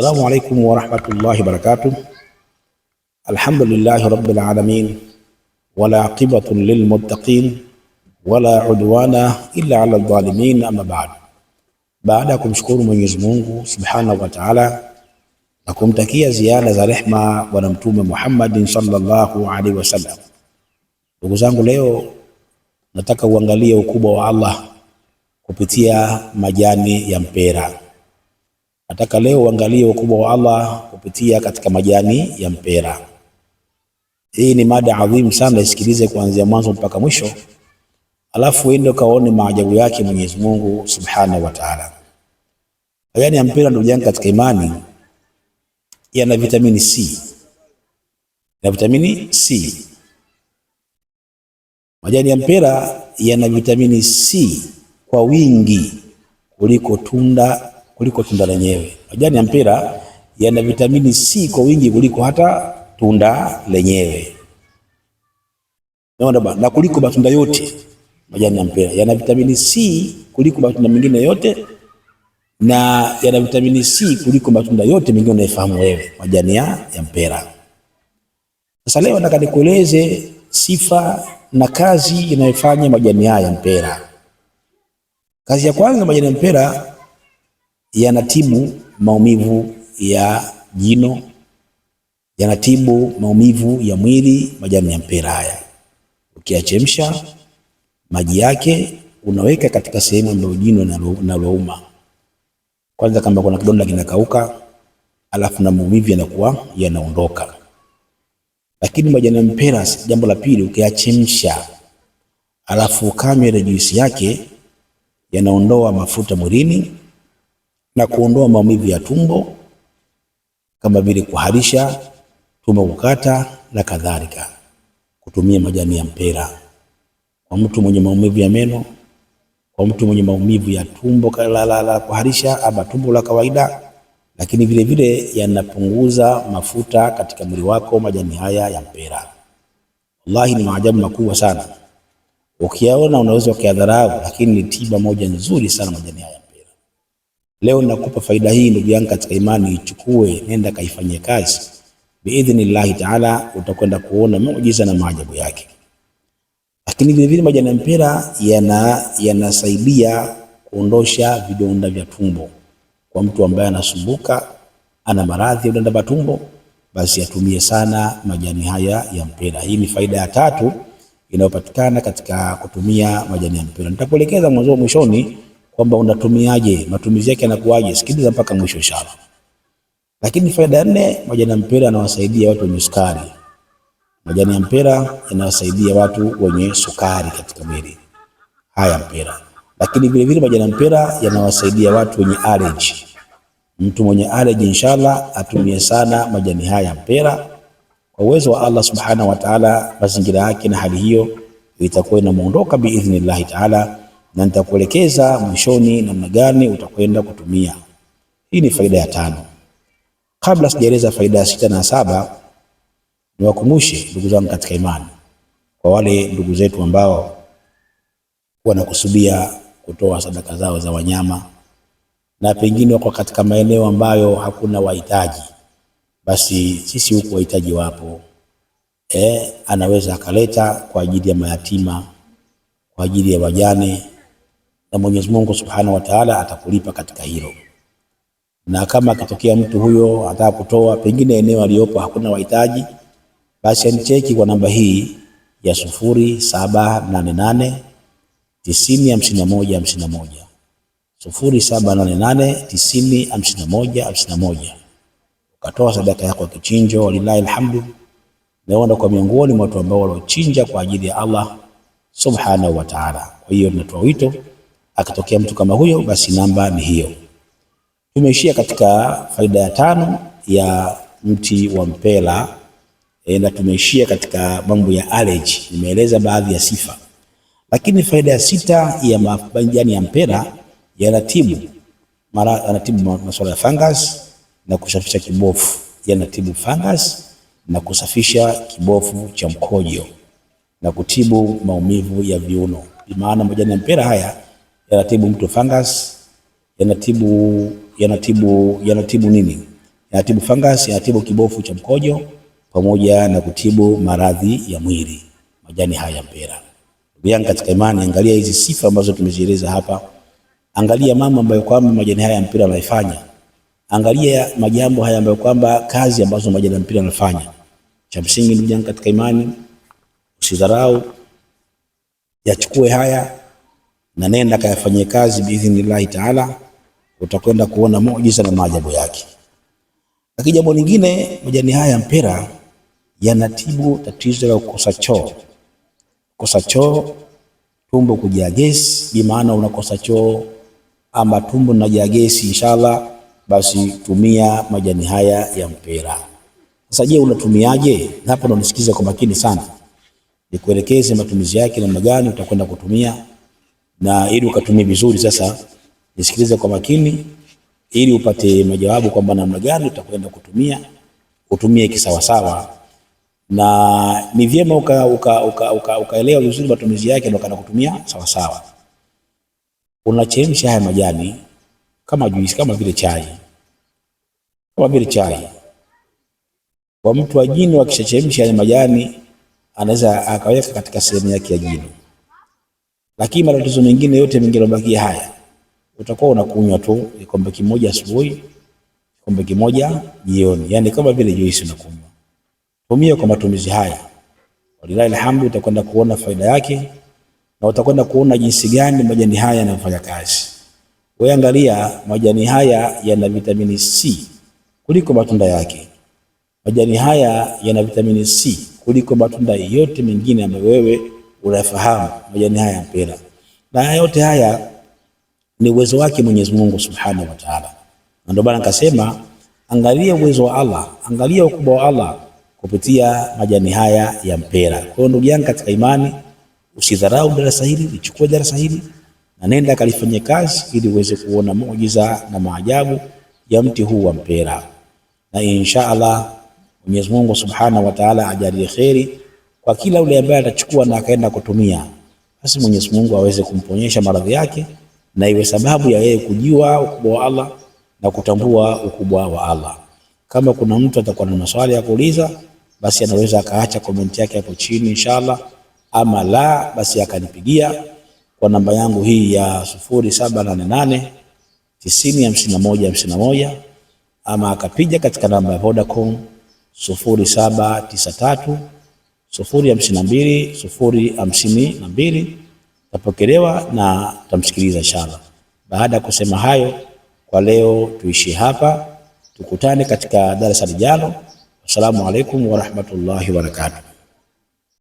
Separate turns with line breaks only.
السلام عليكم ورحمة الله وبركاته الحمد لله رب العالمين ولا عقبة للمتقين wala udwana illa ala dhalimin. Ama baada baada ya kumshukuru Mwenyezi Mungu subhanahu wa taala na kumtakia ziada za rehma Bwana Mtume Muhammadin sallallahu alaihi wasallam. Ndugu zangu, leo nataka uangalie ukubwa wa Allah kupitia majani ya mpera. Nataka leo uangalie ukubwa wa Allah kupitia katika majani ya mpera. Hii ni mada adhimu sana, isikilize kuanzia mwanzo mpaka mwisho, alafu uende ukaone maajabu yake Mwenyezi Mungu Subhanahu wa Ta'ala. Majani ya mpera, ndugu yangu katika imani, yana vitamini C na vitamini C. Majani ya mpera yana vitamini C kwa wingi kuliko tunda kuliko tunda lenyewe. Majani ya mpira yana vitamini C kwa wingi kuliko hata tunda lenyewe, Naona na kuliko matunda yote. Majani ya mpira yana vitamini C kuliko matunda mengine yote, na yana vitamini C kuliko matunda yote mengine unayofahamu wewe, majani ya ya mpira. Sasa leo nataka nikueleze sifa na kazi inayofanya majani haya ya mpira. Kazi ya kwanza majani ya mpira yanatibu maumivu ya jino, yanatibu maumivu ya mwili. Majani ya mpera haya ukiyachemsha maji yake unaweka katika sehemu ambayo jino linalouma, kwanza kama kuna kidonda kinakauka, alafu na maumivu yanakuwa yanaondoka. Lakini majani ya mpera, jambo la pili, ukiyachemsha alafu ukanywa ile juisi yake, yanaondoa mafuta mwilini na kuondoa maumivu ya tumbo kama vile kuharisha, tumbo kukata na kadhalika. Kutumia majani ya mpera kwa mtu mwenye maumivu ya meno, kwa mtu mwenye maumivu ya tumbo la, la, la kuharisha ama tumbo la kawaida, lakini vile vile yanapunguza mafuta katika mwili wako majani haya ya mpera. Wallahi ni maajabu makubwa sana, ukiyaona unaweza ukayadharau, lakini ni tiba moja nzuri sana majani haya. Leo nakupa faida hii ndugu yangu katika imani, ichukue, nenda kaifanyie kazi. Biidhnillahi taala utakwenda kuona muujiza na maajabu yake. Lakini vilevile majani ya mpera yanasaidia kuondosha vidonda vya tumbo kwa mtu ambaye anasumbuka, ana maradhi ya vidonda vya tumbo, basi atumie sana majani haya ya mpira. Hii ni faida ya tatu inayopatikana katika kutumia majani ya mpira. Nitakuelekeza mwanzo mwishoni kwamba unatumiaje, matumizi yake yanakuaje. Sikiliza mpaka mwisho inshallah. Lakini faida ya nne, majani ya mpera yanawasaidia watu wenye sukari. Majani ya mpera yanawasaidia watu wenye sukari katika mwili, haya mpera. Lakini vile vile majani ya mpera yanawasaidia watu wenye allergy. Mtu mwenye allergy inshallah atumie sana majani haya ya mpera. Kwa uwezo wa Allah subhanahu wa ta'ala, mazingira yake na hali hiyo itakuwa inamuondoka biidhnillahi ta'ala na nitakuelekeza mwishoni namna gani utakwenda kutumia. Hii ni faida ya tano. Kabla sijaeleza faida ya sita na saba, niwakumbushe ndugu zangu katika imani, kwa wale ndugu zetu ambao wanakusudia kutoa sadaka zao za wanyama na pengine wako katika maeneo ambayo hakuna wahitaji, basi sisi huku wahitaji wapo. E, anaweza akaleta kwa ajili ya mayatima, kwa ajili ya wajane na Mwenyezi Mungu Subhanahu wa Ta'ala atakulipa katika hilo. Na kama akitokea mtu huyo anataka kutoa, pengine eneo aliyopo hakuna wahitaji, basi anicheki kwa namba hii ya sufuri saba nane nane tisini hamsini na moja hamsini na moja sufuri saba nane nane tisini hamsini na moja hamsini na moja ukatoa sadaka yako ya kichinjo. Walilahi alhamdu, naona kwa miongoni mwa watu ambao waliochinja kwa ajili ya Allah subhanahu wa ta'ala. Kwa hiyo tunatoa wito akitokea mtu kama huyo, basi namba ni hiyo. Tumeishia katika faida ya tano ya mti wa mpela e, na tumeishia katika mambo ya allergy. Nimeeleza baadhi ya sifa, lakini faida ya sita ya majani ya mpela yanatibu mara, yanatibu masuala ya fungus na kusafisha kibofu, yanatibu fungus na kusafisha kibofu cha mkojo na kutibu maumivu ya viuno. Maana majani ya mpera haya yanatibu mtu fungus, yanatibu yanatibu yanatibu nini? Yanatibu fungus, yanatibu kibofu cha mkojo pamoja na kutibu maradhi ya mwili, majani haya ya mpera. Ndugu yangu katika imani, angalia hizi sifa ambazo tumezieleza hapa, angalia mama ambayo kwamba majani haya ya mpira anaifanya, angalia majambo haya ambayo kwamba kazi ambazo majani ya mpira anafanya. Cha msingi ndugu yangu katika imani, usidharau, yachukue haya na nenda kayafanyie kazi biidhnillahi taala, utakwenda kuona muujiza na maajabu yake. Lakini jambo lingine, majani haya mpera yanatibu tatizo la kukosa choo, kukosa choo, tumbo kujaa gesi, bi maana unakosa choo ama tumbo linajaa gesi, inshallah basi tumia majani haya ya mpera. Sasa je, unatumiaje? Hapo ndo nisikize kwa makini sana, nikuelekeze matumizi yake namna gani utakwenda kutumia na ili ukatumie vizuri. Sasa nisikilize kwa makini, ili upate majawabu kwamba namna gani utakwenda kutumia, utumie kisawasawa, na ni vyema ukaelewa uka, uka, uka, uka vizuri matumizi yake, na kana kutumia sawasawa. Unachemsha haya majani kama juisi, kama vile chai, kama vile chai. Kwa mtu wa jino, akishachemsha haya majani anaweza akaweka katika sehemu yake ya jino lakini matatizo mengine yote mengine yanabakia haya, utakuwa unakunywa tu kikombe kimoja asubuhi, kikombe kimoja jioni, yani kama vile juisi unakunywa. Tumia kwa matumizi haya, walilahi alhamdu, utakwenda kuona faida yake na utakwenda kuona jinsi gani majani haya yanafanya kazi. Wewe angalia, majani haya yana vitamini C kuliko matunda yake. Majani haya yana vitamini C kuliko matunda yote mengine ambayo wewe unafahamu majani haya ya mpira, na yote haya ni uwezo wake Mwenyezi Mungu Subhanahu wa Ta'ala. Na ndio maana nikasema, angalia uwezo wa Allah, angalia ukubwa wa Allah kupitia majani haya ya mpira. Kwa hiyo ndugu yangu katika imani, usidharau darasa hili, lichukue darasa hili na nenda kalifanye kazi, ili uweze kuona muujiza na maajabu ya mti huu wa mpira, na insha Allah Mwenyezi Mungu Subhanahu wa Ta'ala ajalie kheri kwa kila ule ambaye atachukua na akaenda kutumia, basi Mwenyezi Mungu aweze kumponyesha maradhi yake na iwe sababu ya yeye kujua ukubwa wa Allah na kutambua ukubwa wa Allah. Kama kuna mtu atakuwa na maswali ya kuuliza, basi anaweza akaacha komenti yake hapo chini inshallah, ama la basi akanipigia kwa namba yangu hii ya 0788 905151 ama akapiga katika namba ya Vodacom 0793 sufuri hamsini na mbili sufuri hamsini na mbili tapokelewa na tamsikiliza inshallah. Baada ya kusema hayo, kwa leo tuishi hapa, tukutane katika darasa lijalo. Assalamu alaikum warahmatullahi wabarakatuh.